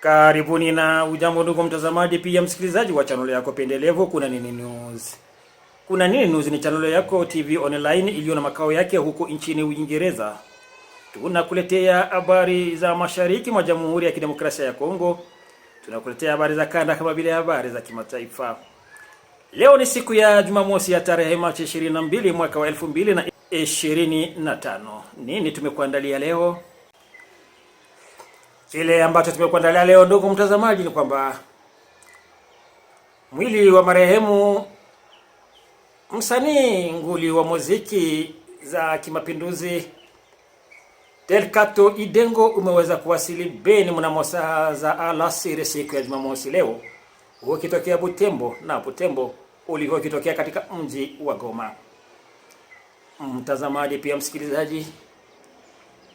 Karibuni na ujambo ndugu mtazamaji, pia msikilizaji wa chanelo yako pendelevu Kuna Nini News. Kuna Nini News ni chanelo yako TV online iliyo na makao yake huko nchini Uingereza. Tunakuletea habari za mashariki mwa Jamhuri ya Kidemokrasia ya Kongo, tunakuletea habari za kanda kama vile habari za kimataifa. Leo ni siku ya Jumamosi ya tarehe Machi 22 mwaka wa 2000 na 25. Nini tumekuandalia leo? Kile ambacho tumekuandalia leo, ndugu mtazamaji, ni kwamba mwili wa marehemu msanii nguli wa muziki za kimapinduzi Delkato Idengo umeweza kuwasili Beni mnamo saa za alasiri siku ya Jumamosi leo ukitokea Butembo na Butembo ulikuwa ukitokea katika mji wa Goma mtazamaji pia msikilizaji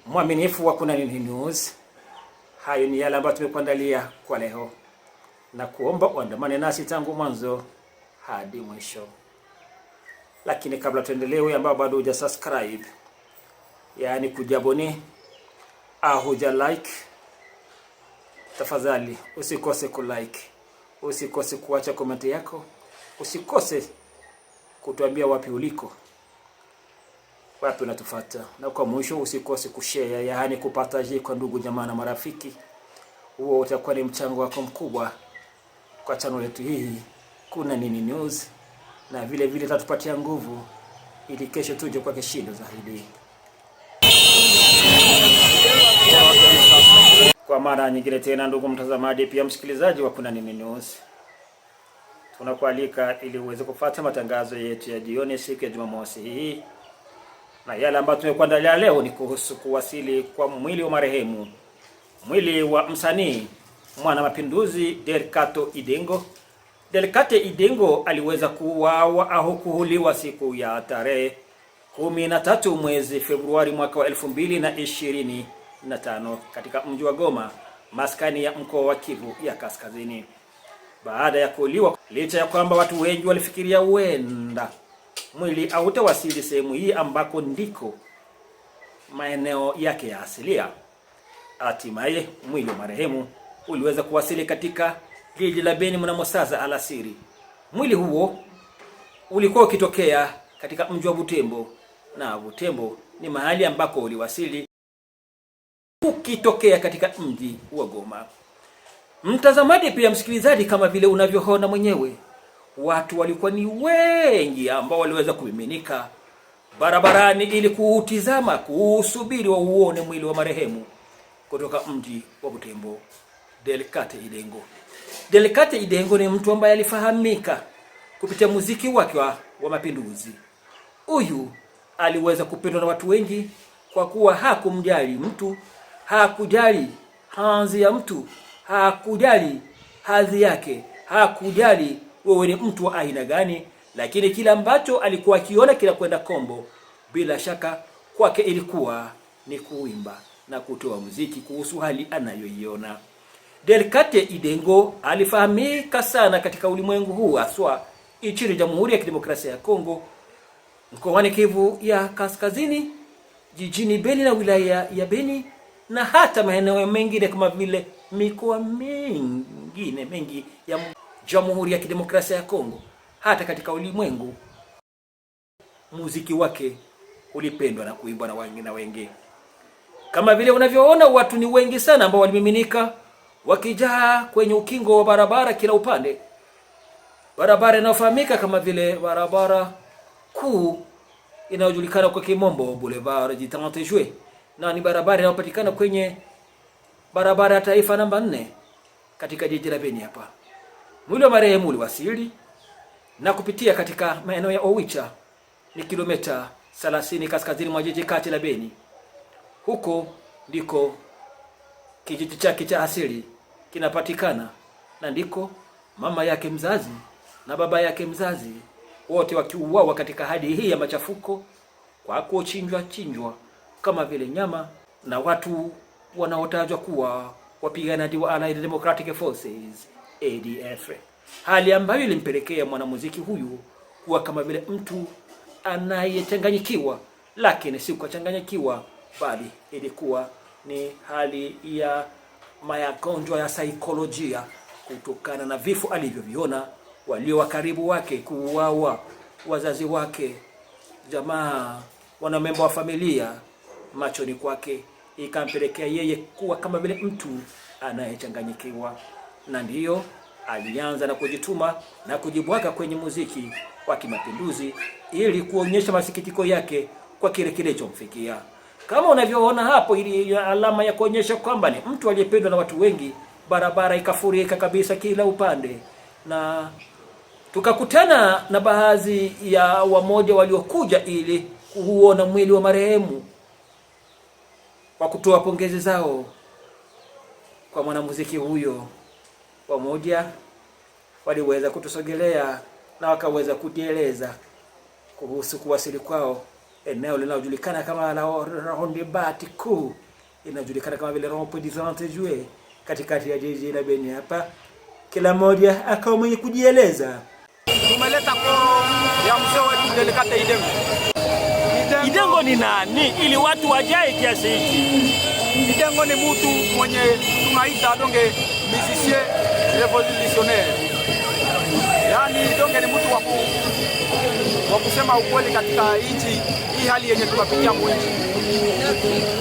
mwaminifu wa Kuna Nini News. Hayo ni yale ambayo tumekuandalia kwa leo, na kuomba uandamane nasi tangu mwanzo hadi mwisho. Lakini kabla tuendelee, huyo ambao bado huja subscribe, yaani kujaboni au huja like, tafadhali usikose ku like, usikose kuacha komenti yako, usikose kutuambia wapi uliko wapi unatufata. Na kwa mwisho, usikose kushare, yaani kupataje kwa ndugu jamaa na marafiki. Huo utakuwa ni mchango wako mkubwa kwa channel yetu hii Kuna Nini News, na vile vile tatupatia nguvu ili kesho tuje kwa kishindo zaidi. Kwa mara nyingine tena, ndugu mtazamaji, pia msikilizaji wa Kuna Nini News, tunakualika ili uweze kufuata matangazo yetu ya jioni siku ya Jumamosi hii na yale ambayo tumekuandalia leo ni kuhusu kuwasili kwa mwili wa marehemu, mwili wa msanii mwana mapinduzi Delcato Idengo. Delcate Idengo aliweza kuuawa au kuhuliwa siku ya tarehe 13 mwezi Februari mwaka wa tano katika mji wa Goma, maskani ya mkoa wa Kivu ya Kaskazini, baada ya kuuliwa, licha ya kwamba watu wengi walifikiria huenda mwili hautawasili sehemu hii ambako ndiko maeneo yake ya asilia. Hatimaye mwili wa marehemu uliweza kuwasili katika jiji la Beni mnamo saa za alasiri. Mwili huo ulikuwa ukitokea katika mji wa Butembo, na Butembo ni mahali ambako uliwasili ukitokea katika mji wa Goma. Mtazamaji pia msikilizaji, kama vile unavyoona mwenyewe watu walikuwa ni wengi ambao waliweza kumiminika barabarani ili kuutizama, kuusubiri wa uone mwili wa marehemu kutoka mji wa Butembo. Delicate Idengo. Delicate Idengo ni mtu ambaye alifahamika kupitia muziki wake wa, wa mapinduzi. Huyu aliweza kupendwa na watu wengi kwa kuwa hakumjali mtu, hakujali hanzi ya mtu, hakujali hadhi yake, hakujali wewe ni mtu wa aina gani, lakini kila ambacho alikuwa akiona kinakwenda kombo, bila shaka kwake ilikuwa ni kuimba na kutoa muziki kuhusu hali anayoiona. Delcate Idengo alifahamika sana katika ulimwengu huu haswa nchini Jamhuri ya Kidemokrasia ya Kongo, mkoani Kivu ya Kaskazini, jijini Beni na wilaya ya Beni na hata maeneo mengine kama vile mikoa mingine mengi ya Jamhuri ya Kidemokrasia ya Kongo, hata katika ulimwengu muziki wake ulipendwa na kuimbwa na wengi na wengi. Kama vile unavyoona, watu ni wengi sana ambao walimiminika wakijaa kwenye ukingo wa barabara kila upande, barabara inayofahamika kama vile barabara kuu inayojulikana kwa kimombo Boulevard du 30 Juin, na ni barabara inayopatikana kwenye barabara ya taifa namba nne katika jiji la Beni hapa. Mwili wa marehemu uliwasili na kupitia katika maeneo ya Owicha ni kilomita 30 kaskazini mwa jiji kati la Beni. Huko ndiko kijiji chake cha asili kinapatikana na ndiko mama yake mzazi na baba yake mzazi wote wakiuawa katika hali hii ya machafuko kwa kuchinjwa chinjwa kama vile nyama na watu wanaotajwa kuwa wapiganaji wa Allied Democratic Forces. ADF, hali ambayo ilimpelekea mwanamuziki huyu kuwa kama vile mtu anayechanganyikiwa, lakini si kuchanganyikiwa, bali ilikuwa ni hali ya mayagonjwa ya saikolojia kutokana na vifo alivyoviona, walio wa karibu wake kuuawa, wazazi wake, jamaa, wanamemba wa familia machoni kwake, ikampelekea yeye kuwa kama vile mtu anayechanganyikiwa na ndiyo alianza na kujituma na kujibwaga kwenye muziki wa kimapinduzi ili kuonyesha masikitiko yake kwa kile kilichomfikia. Kama unavyoona hapo, ili alama ya kuonyesha kwamba ni mtu aliyependwa na watu wengi. Barabara ikafurika kabisa kila upande, na tukakutana na baadhi ya wamoja waliokuja ili kuuona mwili wa marehemu kwa kutoa pongezi zao kwa mwanamuziki huyo wamoja waliweza kutusogelea na wakaweza kujieleza kuhusu kuwasili kwao eneo linalojulikana kama la Roundabout Kuu, inajulikana kama vile Rond de sante jue katikati ya jiji la Beni. Hapa kila mmoja akawa mwenye kujieleza. Tumeleta kwa ya mzee wetu Delikate Idengo. Idengo ni nani, ili watu wajae kiasi hiki? Mitengo ni mutu mwenye tunaita donge musicien revolutionnaire, yaani donge ni mutu waku wa kusema ukweli katika nchi hii, hali yenye tunapitia mwinchi,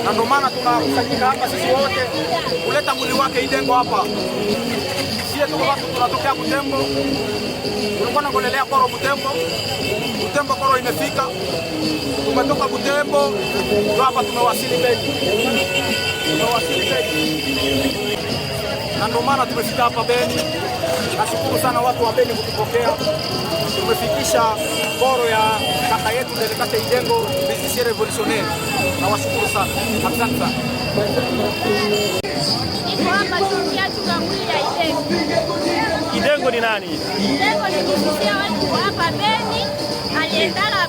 na ndio maana tunakusanyika hapa sisi wote kuleta mwili wake Idengo hapa. Sisi tuko watu tunatokea Butembo, tulikuwa nagolelea koro Butembo, Butembo koro imefika, tumetoka Butembo hapa tumewasili Beni na ndio maana tumefika hapa Beni. Nashukuru sana watu wa Beni kutupokea. Tumefikisha koro ya kaka yetu Delikate Idengo Musicien Revolutionnaire, na washukuru sana, asante sana Idengo. Idengo ni nani? Idengo ni musicien wetu hapa Beni aliendala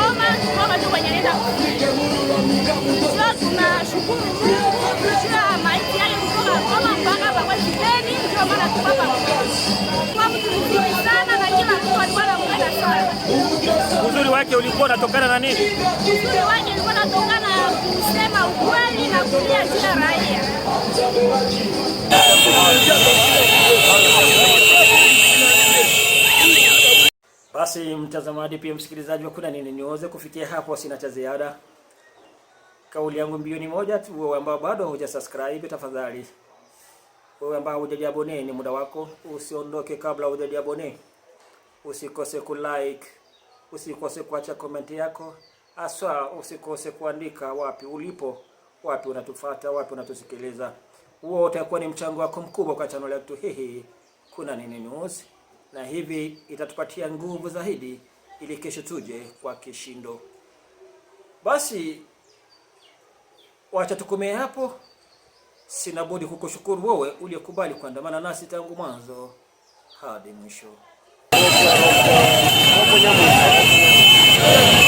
wake ulikuwa unatokana na nini? Ujumbe wake ulikuwa unatokana na kusema ukweli na kuliatia raia. Basi mtazamaji, pia msikilizaji wa Kuna Nini niweze kufikia hapo sina cha ziada. Kauli yangu mbio ni moja tu, wewe ambao bado subscribe, tafadhali wewe ambao hujajiabone, ni muda wako, usiondoke kabla hujajiabone. Usikose like Usikose kuacha komenti yako, haswa usikose kuandika wapi ulipo, wapi unatufata, wapi unatusikiliza. Huo utakuwa ni mchango wako mkubwa kwa chaneli yetu hii Kuna Nini News, na hivi itatupatia nguvu zaidi ili kesho tuje kwa kishindo. Basi wacha tukomee hapo. Sina budi kukushukuru wewe uliyekubali kuandamana nasi tangu mwanzo hadi mwisho. Yeah.